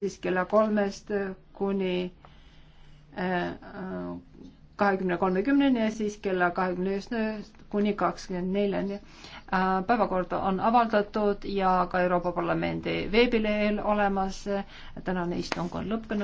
siis kella kolmest kuni äh, kahekümne kolmekümneni ja siis kella kahekümne üheksast kuni kakskümmend neljani. Äh, päevakord on avaldatud ja ka Euroopa Parlamendi veebilehel olemas. tänane istung on lõppenud.